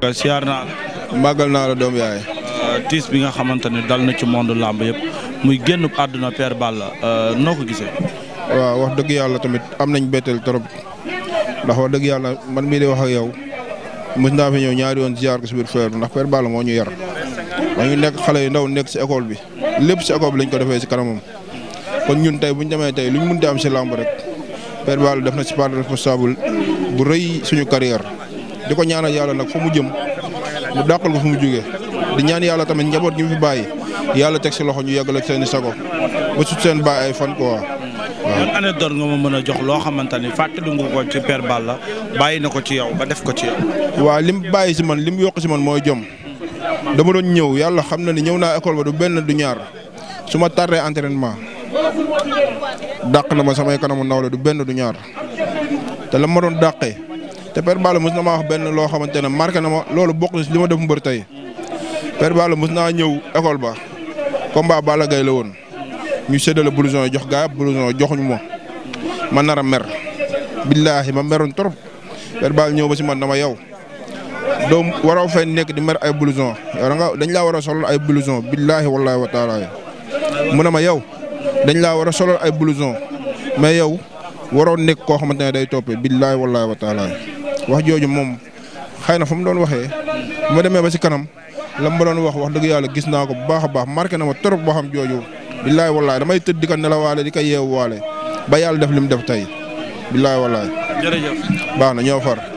Euh, siyaar naa la. màggal naa la doom yaay. Euh, tiis bi nga xamante ne dal na ci monde làmb yëpp muy génn àdduna Père Balla euh, noo ko gisee. waaw wax dëgg yàlla tamit am nañ betteel trop ndax wax dëgg yàlla man mii de wax ak yow mos naa fi ñëw ñaari yoon ziar ko si biir bi ndax Père Balla moo ñu yar. dañu nekk xale yu ndaw nekk si école bi lépp si école bi lañ ko defee si kanamam kon ñun tey bu ñu demee tey lu mun mën am si làmb rek Père Balla def na si part responsable bu rëy suñu carrière. di ko ñaanal yàlla nag fu mu jëm mu dàqal ko fu mu jógee di ñaan yàlla tamit njaboot gi mu bàyyi yàlla teg si loxo ñu yeggal ak seen i ba sut seen bàyyi ay fan quoi. waaw anecdote mën a jox loo xamante ni fàttali nga ko ci Père Balla bàyyi na ko ci yow ba def ko ci yow. waaw lim bàyyi si man lim yokk si man mooy jom dama doon ñëw yàlla xam na ni ñëw naa école ba du benn du ñaar su ma tardé entraînement daq na ma samay kanamu ndaw la du benn du ñaar te la ma doon dàqee te Père Balla mos na maa wax benn loo xamante ne marqué na loolu bokk na si li ma def mbër tey Père Balla mos naa ñëw école ba combat Balla Gaye la woon ñu séddale blouson jox gaa jox ñu ma ma nar a mer billaahi ma meroon trop Père Balla ñëw ba si man dama yow doo waroo fay nekk di mer ay blouson yow dañ laa war a solal ay blouson billaahi wallaahi wa taala mu ne ma yow dañ laa war a solol ay blouson mais yow waroo nekk koo xamante ne day toppee billaahi wallaahi wa wax jooju moom xëy na fa mu doon waxee bu ma demee ba ci kanam la ma doon wax wax dëgg yàlla gis naa ko bu baax a baax marqué na ma trop boo xam jooju. billaay wallaay damay tëdd di ko nelawaale di ko yeewaale ba yàlla def li mu def tey billaay wallaay. baax na ñoo far.